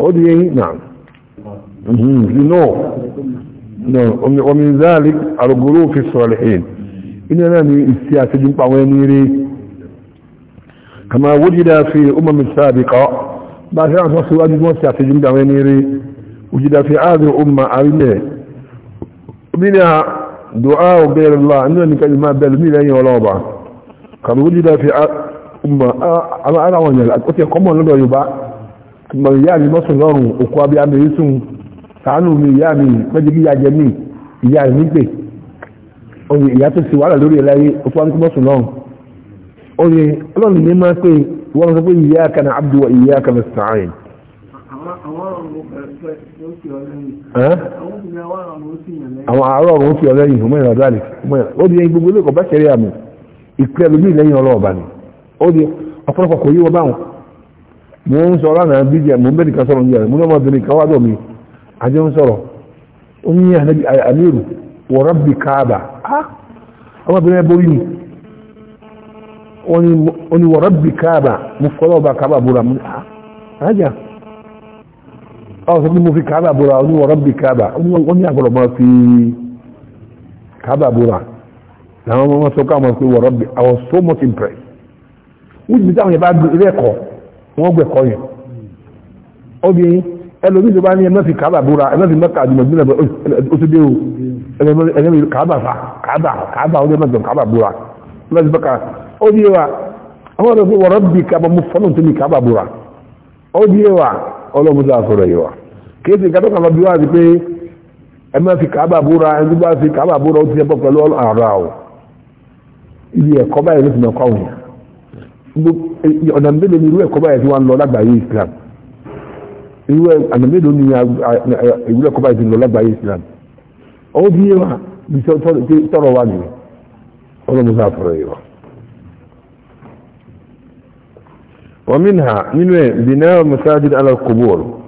ودي نعم نو نو ومن ذلك الغلو في الصالحين اننا السياسه دي باوينيري كما وجد في الامم السابقه بعد ان وصلوا اجد السياسه دي باوينيري وجد في هذه الامه عليه منها دعاء غير الله أنه نكاد ما بلمي لأي ولا وضع قد وجد في أمة أما أنا وانا الأكوتي قموا لدو يبع ثم يامي مصر غارو أقوى بيامي يسون تعانوا من يامي مجي يا جميع يامي نكبي oye ìyàtọ̀ sí wàhálà lórí ẹ̀láyé ọ̀pọ̀lọpọ̀ náà oye ọlọ́run ní máa pé wọ́n sọ pé iyyaka na'budu wa iyyaka nasta'in àwọn àárọ̀ ọ̀run fi ọlẹ́yìn ìhùnmọ́ ìrìn àdúrà lè ó di gbogbo ilé ọ̀bá kẹrẹ àmì ìpẹ́ ẹlòmí ìlẹ́yìn ọlọ́ọ̀bà ni ó di ọ̀pọ̀lọpọ̀ kò yíwọ báwọn mo ń sọ lánàá bí jẹ mo ń bẹ́ẹ̀ kan sọ̀rọ̀ ní ẹ̀rẹ̀ mo ní ọmọbìnrin kan wádọ̀ mi àjọ ń sọ̀rọ̀ ó ní ànábi àmírù wọ̀ rọ́bì káàbà ọmọbìnrin borí ni ó ní wọ̀ rọ́bì káàbà mo fọlọ́ ọba káàbà búra mo ní àájà àwọn sọ́bí mo fi kábà búra oníwọ̀ rọ́bì kábà wọ́n ní àgbọ̀rọ̀ máa fi kábà búra làwọn ọmọ sọ ká máa fi wọ̀ rọ́bì I was so much impressed wọ́n ti táwọn yẹn bá gbé ilé ẹ̀kọ́ wọ́n gbé ẹ̀kọ́ yẹn obìnrin ẹlòmíì tó bá ní ẹmẹ́fì kábà búra ẹmẹ́fì mẹ́ka àdùmọ̀ bí ẹ̀bẹ̀ ó ti dé o ẹ̀mẹ́fì kábà fa kábà kábà ó dé mẹ́jọ kábà búra ẹmẹ́fì mẹ́ka ó ọlọ́mọdé àsọ̀rọ̀ yìí wa kéèsì nǹkan tó kàn lọ bí wá sí pé ẹ máa fi kàábà búra ẹni bá fi kàábà búra ó ti ẹbọ pẹ̀lú ààrà ibi ẹ̀kọ́ báyìí ló ti ọ̀nà mélòó ni irú ẹ̀kọ́ báyìí ti wá ń lọ lágbàáyé Islam irú ọ̀nà mélòó ni irú ẹ̀kọ́ báyìí ti lọ lágbàáyé Islam ó bí wa bí ومنها من بناء المساجد على القبور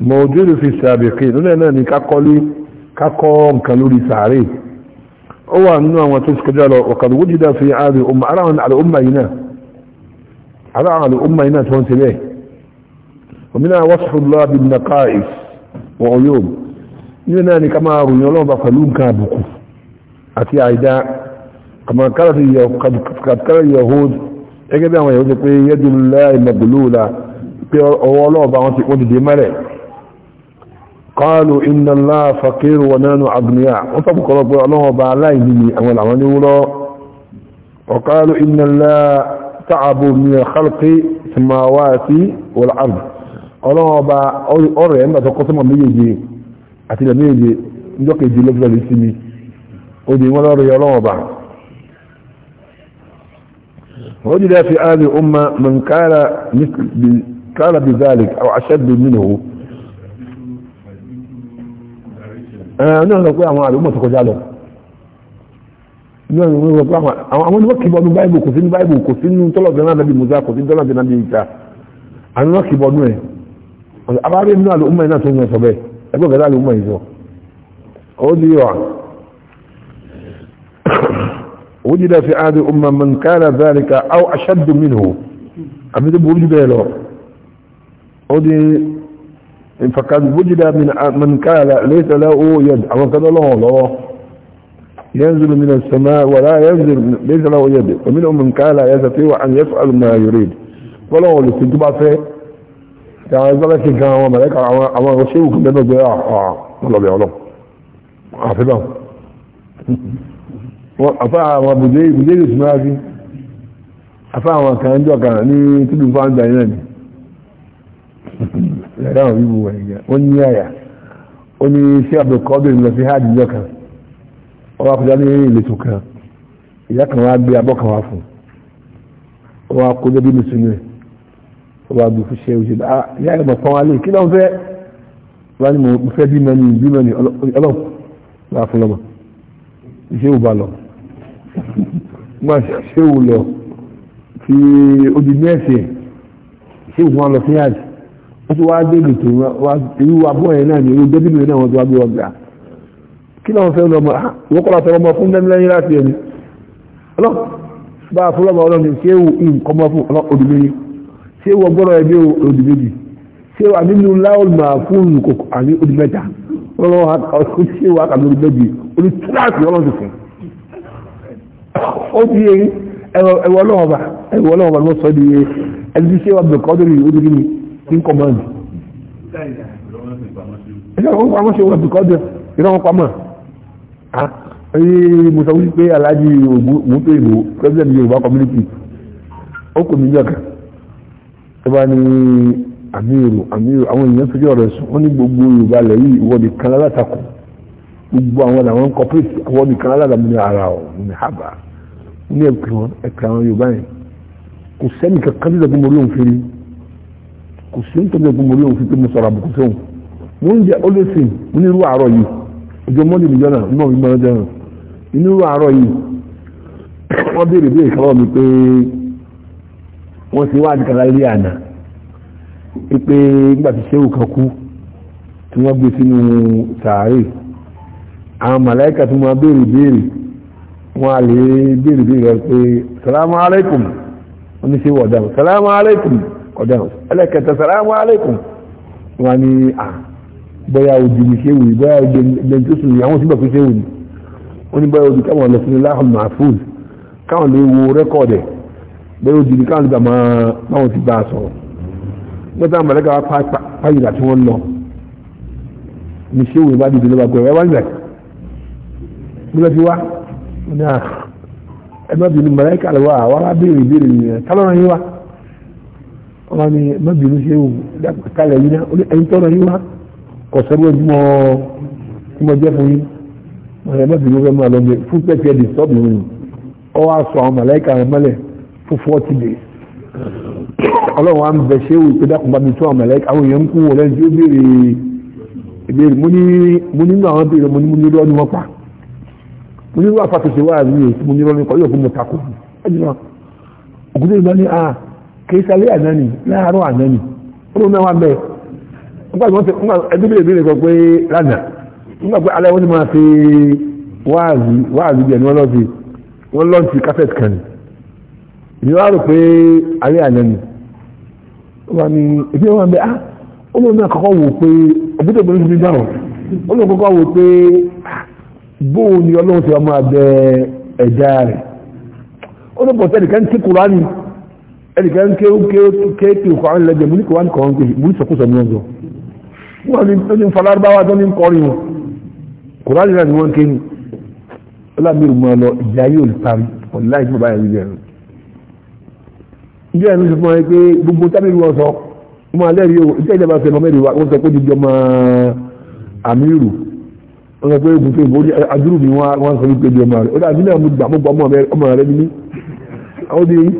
موجود في السابقين هنا نكاكولي كاكوم كالوري ساري هو النوع وتسكجاله وقد وجد في هذه الأمة أرى على أمة هنا أرى على أمة هنا تونس به ومنها وصف الله بالنقائص وعيوب هنا كما رجلون بفلوم كابوكو أتي عيداء كما قالت قد قال اليهود gẹ́gẹ́ bí àwọn èèyàn ti pé yẹ́dù láì mọ̀gbòlóòlà pé ọwọ́ ọlọ́ọ̀bá wọn ti pọ́n dìde mẹ́rẹ̀ kọ́ọ̀lù iná ńlá fàkírù wọn nánú àgbìyà wọ́n tọ́pù pé ọlọ́ọ̀bá aláìní àwọn làwọn ní wúrọ́ mi mi وجد في هذه الأمة من قال مثل قال بذلك أو أشد منه náà lọ pé àwọn àlùmọ̀ tó kọjá lọ náà lọ pé àwọn oníwọ́kìbọnú báìbù kò sínú báìbù kò sínú tọ́lọ̀dẹ̀ náà nàbí musa kò sínú tọ́lọ̀dẹ̀ nàbí ìta àwọn oníwọ́kìbọnú ẹ̀ abáwé nínú àlùmọ̀ náà tó yàn sọ bẹ́ẹ̀ ẹgbẹ́ ọ̀gá àlùmọ̀ yìí sọ ó di wà وجد في عهد الأمة من كان ذلك أو أشد منه أما تبورج بيلو ودي فقد وجد من من كان ليس له يد أما كان له له ينزل من السماء ولا ينزل ليس له يد ومنهم من كان يستطيع أن يفعل ما يريد ولو لسنتبع فيه يعني ذلك كان هو ملائكة أما رشيوك بأنه ضياع آه والله آه، بيعلم عافظة afá àwọn àbùdé ìbùdé lè súnmọ́ rí afá àwọn kan jọ kan ní túbú fáńdà náà ni yàrá àwọn wíwú wà nìyà wọ́n ní àyà ó ní sí àbùkọ́bìnrin lọ sí hajj jọ kan ó wá kọjá ní ìletò kan ìyá kan wá gbé abọ́ kan wá fún ó wá kọjá bí mùsùlùmí ó wá gbé fún ṣe òṣèlú ah ìyá rẹ̀ mọ̀ pọ́n wá lè kí ló fẹ́ wọ́n ní mo fẹ́ bímọ ní bímọ ní ọlọ́pàá fún lọ́mọ ìṣe ò lọ́mọ gba ṣéwù lọ tí odi ní ẹ̀sìn ṣéwù fún wa lọ sí àjì wọ́n ti wá dé lùtò wá irú abọ́ yẹn náà ní irú débìlì yẹn náà wọ́n ti wá gbé wọn gbà kí lọ́wọ́ fẹ́ lọ́mọ ah, wọ́n kọ́ lọ́tọ́ ọmọ fún lẹ́mílẹ́yìn láti ẹni ọlọ́pàá fún lọ́mọ ọlọ́ni ṣéwù ìkọmọ fún odi méjì ṣéwù ọgbọ́rọ̀ ẹbí odi méjì ṣéwù àmínú láwọn máa fún àní odi mẹ́ta ọlọ́wọ́ ṣéwù àkàmì odi méjì odi tíláàsì ọlọ́sìn fún ó ti yé ẹwọ ọlọ́ọ̀bà ẹwọ ọlọ́ọ̀bà ló sọ di ẹni tí ṣé wà bẹ̀rẹ̀ kọ́dọ̀ rí odò nínú ní kọ́mọ́ọ̀dù. ẹ̀ṣẹ̀ wọn pamọ́ ṣe wà bẹ̀rẹ̀ kọ́dọ̀ ìrọ̀ wọn pamọ́ ẹ̀yẹ musa wí pé alhaji ògúnpé ìbò president yorùbá community ó kò ní jọ̀kà tó bá ní àmì èrò àmì èrò àwọn èèyàn sójú ọ̀rọ̀ ẹ̀sùn wọn ní gbogbo yorùbá lẹ̀ yìí ìwọ́de kan lálátakùn gbogbo àwọn làwọn corporate àwọn nìkan aládàmú ní ara ọ̀ ní haba ní ẹ̀kọ́ wọn ẹ̀kọ́ àwọn yorùbá yẹn kò sẹ́ni kankan tó dẹ̀kun mọ́lẹ́ òfin rí kò sẹ́ni tó dẹ̀kun mọ́lẹ́ òfin tó mọ sọ̀rọ̀ àbùkù sóhun wọ́n jẹ́ olóṣìn onírú àárọ̀ yìí ọjọ́ mọ́lẹ́ mi jọ́nà náà mi máa jẹun onírú àárọ̀ yìí wọ́n béèrè bí ìkàwọ́ mi pé àwọn màláìkà tó máa béèrè béèrè wọn a lè béèrè béèrè pé salamu alaikum wọn ní ṣe wọ ọ̀daràn salamu alaikum ọ̀daràn ẹlẹ́kẹta salamu alaikum wọn ni à bóyá òdì ní ṣe wù bóyá òdì ẹgbẹ́ tó sùn àwọn síbẹ̀ tó ṣe wù ní wọn ni bóyá òdì káwọn lọ sínú láhùn mahfuz káwọn lè wo rẹ́kọ̀dẹ̀ bóyá òdì ní káwọn lè gbà máa ti bá a sọ̀rọ̀ gbọ́dọ̀ màláìkà wá pàyìlà tí wọ́n lọ ní ṣe wù bá dìde lọ́ba gbọ́dọ̀ fi wá ní à ẹ má bínú mọ̀lẹ́kà lọ́wọ́ àwọn arábìnrin ìbéèrè nìyẹn kálọ́rọ̀ yín wá wọn ni má bínú ṣe wù kálẹ̀ yín náà ẹ̀yin tọ́rọ̀ yín wá kò sọ́dọ̀ tí mo tí mo jẹ́ fún yín wọn ẹ má bínú fẹ́ máa lọ fún pẹ́ẹ́tì ẹ̀dì sọ́ọ̀bù yín ọ wá sọ àwọn mọ̀lẹ́kà rẹ mọ́lẹ̀ fún forty days ọlọ́run wa ń bẹ ṣé wù pé dákùn bá mi tó àwọn mọ̀lẹ́kà àwọn èèyàn ń kú wọlé ní tí ó mo ní wà fàtòsí wà rí èyí tí mo ní rọ́lẹ́ kọ́ yóò fún mo takò jù ẹjìnà òkúté ìgbà ní a ah, kì í sálé àná ni láàárọ̀ àná ni ó ló náà wà bẹ́ẹ̀ nígbà tí wọ́n ti ẹbí bèrè bèrè kan pé lánàá nígbà pé alẹ́ wọ́n ti máa fi wáàzí wáàzí bí ẹni wọ́n lọ́ọ̀tì wọ́n lọ́ọ̀tì carpet kan ni èmi wá rò pé alẹ́ àná ni ó wà ní èmi wà bẹ́ẹ̀ ah ó ló náà kọ́kọ́ wò pé òkúté ìgbà ní bóò ni ọlọ́run ti wá máa bẹ ẹ̀dá rẹ̀ ó ló pọ̀ tẹ́nìkan tí kùránì ẹnìkan kéèké kùránì lẹ́jẹ̀ mú ní kùránì kọ̀ọ̀rọ̀ pé mú ní sọkúsọ ní ọjọ́ wọ́n ní tó ní falárúbáwá tó ní kọrin wọn kùránì náà ni wọ́n ké ní ọlábìrì mọ́ lọ ìjà yóò lè parí ọ̀lá ìfún báyà rí rẹ̀ ìjọ ẹ̀mí sọ fún ẹ pé gbogbo tábìlì wọn sọ wọn alẹ́ rí o ìjọ ìjọba sọ ẹ̀mọ́ mẹ́rin wa wọ́n sọ pé jíjọ máa àmì rù wọ́n sọ pé ibùsọ ìbò ní adúrú mi wọ́n sọ wípé di ọmọ rẹ̀ ó dàbí náà mo gbà mo gbà ọmọ rẹ̀ ní àwọn obìnrin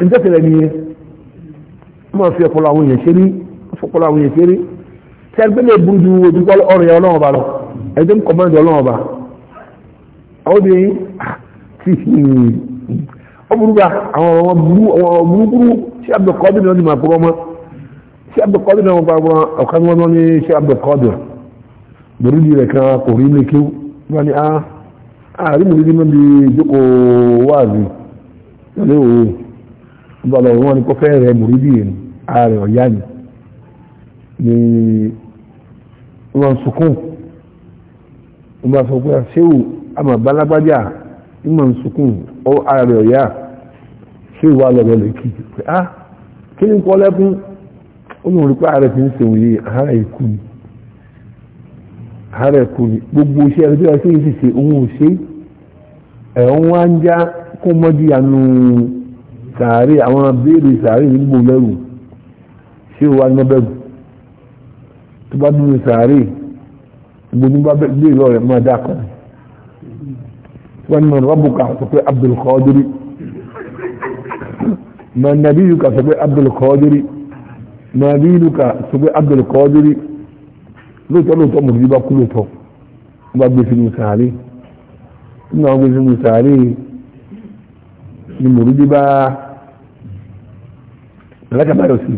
ń tẹ́tẹ̀lẹ̀ ni wọ́n fi ọpọlọ àwọn èèyàn ṣeré fọpọlọ àwọn èèyàn ṣeré tẹ́gbẹ́ lè burú ju ojú ọrọ̀ yẹn ọlọ́wọ́ lọ ẹjọ́ ń kọ̀mọ́ndì ọlọ́wọ́ àwọn obìnrin ah, ti hmm, ó àwọn ọmọ burú ṣé lórílẹ̀ rẹ̀ kan kò rí ilé kíw wọ́n ah, ni ààrí mú nílé mọ́bí jókòó wáàzì lọ́lẹ́ òwe bọ́lọ̀ wọn ni kọfẹ́ rẹ̀ mú rídì rẹ̀ ààrẹ ọ̀yá ni ni wọ́n sùkún wọ́n bá sọ pé ṣéwù àmà balagbájá ìmọ̀ sùkún ó ààrẹ ọ̀yá ṣéwù wà lọ́lọ́ lẹ́kì pé ah kí ni kọ́ lẹ́kún ó lóun rí pé ààrẹ ti ń ṣèwòye ààrẹ ikú ni ààrẹ kò ní gbogbo iṣẹ́ ẹni tó yẹ kí èsì ṣe òun ò ṣe ẹ̀hún wá ń já kó mọ́jú àánú sàárè àwọn béèrè sàárè ní gbogbo lẹ́rù ṣé o wá ní ọbẹ̀rù tó bá nínú sàárè gbogbo bá béèrè lọ rẹ̀ máa dákọ̀ tó bá nínú ọ̀rọ̀ bùkà sọ pé Abdul Qadir mà nàbí yùkà sọ pé Abdul Qadir mà nàbí yùkà sọ pé Abdul Qadir lóòótọ́ lóòótọ́ mùsùlùmí bá kú lóòótọ́ wọ́n bá gbé sínú sàárè nínú àwọn gbé sínú sàárè ni mùsùlùmí bá alákàbáyọ̀ sí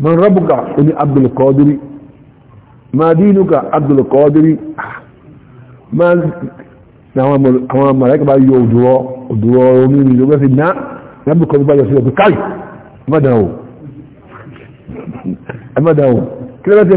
man rabbuka ó ní Abdul Qadir ma dinuka Abdul Qadir ma àwọn mọ̀lẹ́kàbá yọ òdúrọ̀ òdúrọ̀ omi ìlú mẹ́fì náà Abdul Qadir bá yọ sí ọ̀pẹ́ káì mọ́dà ò ẹ mọ́dà ò kí lọ́dà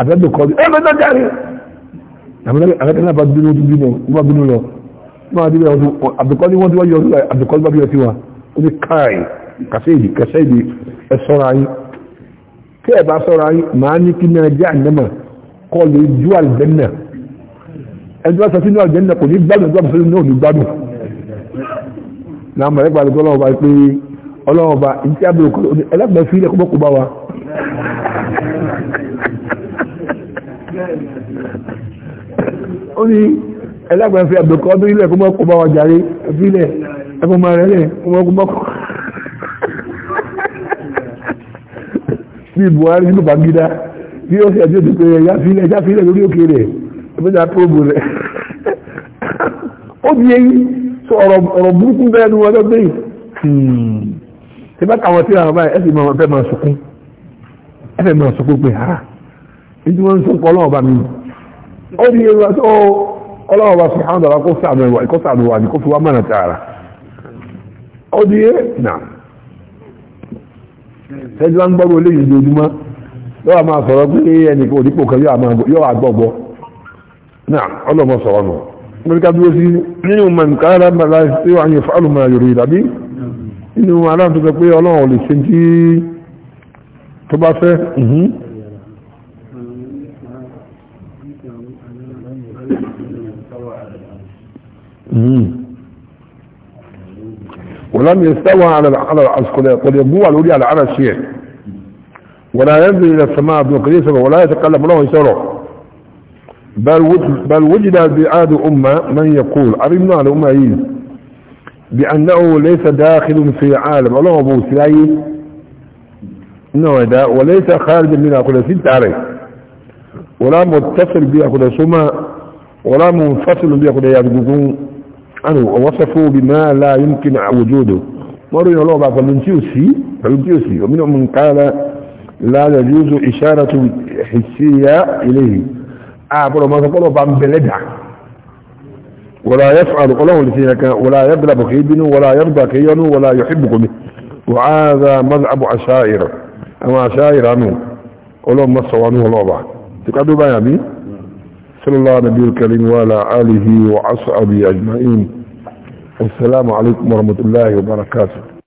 àbẹ́bẹ̀ kọ́ bí ẹ bẹ́ẹ̀ náà jáde àbẹ́bẹ̀ náà bá bínú ojú bínú wọ́n bínú lọ máa dé ọdún àbẹ́kọ́ ní wọ́n ti wá yọ ọdún àbẹ́kọ́ bá bí ọ sí wa ó ní káì kàṣẹ́yìí kàṣẹ́yìí ẹ sọ́ra yín tí ẹ bá sọ́ra yín màá ní kí náà jẹ́ ànámà kọ́ lè ju àlùjẹ́nà ẹni wá sọ sínú àlùjẹ́nà kò ní gbádùn tó àbùsọ́lù náà ò ní gbádùn náà mọ̀ lẹ́gbàá lọ́wọ́ ọba pé ọlọ́wọ́ ọba ìtí àbúrò kọ́ ẹlẹ́gbẹ̀ẹ́ fi ilẹ̀ kọ́ bọ́ kó bá wa ó ní ẹlẹ́gbẹ̀ẹ́ fi àbẹ̀kọ́ ọdún ilẹ̀ kó mọ́ kó bá wa jàre ìfilẹ̀ ẹkùn mọ́ rẹ̀ lẹ̀ kó mọ́ kó mọ́ kó bí Buhari nínú bàgídá bí ó sì ẹjọ́ ti pé ẹ̀yà fílẹ̀ ẹjá fílẹ̀ lórí òkè rẹ̀ ẹgbẹ́jà tóòbù rẹ̀ ó di eyín sọ ọ̀rọ̀ burúkú bẹ́ẹ̀ ni wọ́n lọ gbé ṣe bá káwọn tí wọ́n báyìí ẹ̀sìn máa fẹ́ máa sọkún ẹ̀fẹ̀ máa sọkún pé ara ètò wọn ń sọ pọ̀ ó ní ẹgbẹ́ tó ọlọ́wọ́ bá subhanahu wa ta'ala kó sàmẹ́wà kó sàmẹ́wà ní kó fi wá mọ̀nà tààrà ó ní ẹ nà ṣẹ́jú wọn gbọ́rọ̀ eléyìí ojoojúmọ́ yóò máa sọ̀rọ̀ pé ẹnìkan òdìpò kan yóò àgbọ̀gbọ́ náà ọlọ́mọ sọ̀rọ̀ nù mẹ́ríkà dúró ولم يستوى على على العرش قد يبوع الولي على العرش ولا ينزل الى السماء بقريسة ولا يتكلم له يسره بل بل وجد بعاد أمة من يقول أرمنا على أمة إيه بأنه ليس داخل في عالم الله أبو سلاي إنه ده وليس خارج من كل تعرف عليه ولا متصل بها كل ولا منفصل بيقول قد يجدون أنه وصفوا بما لا يمكن وجوده مروا يقولوا بقى فلنتيوسي فلنتيوسي ومنهم من قال لا يجوز إشارة حسية إليه أعبر ما تقوله تقولوا بامبلدع ولا يفعل قوله لسينك ولا يضرب كيبن ولا يرضى كيان ولا يحبكم وهذا مذعب عشائر أما عشائر عنه قولوا ما صوانوه الله بعد تقعدوا بقى يا بي صلى الله على نبي الكريم وعلى آله وأصحابه أجمعين والسلام عليكم ورحمة الله وبركاته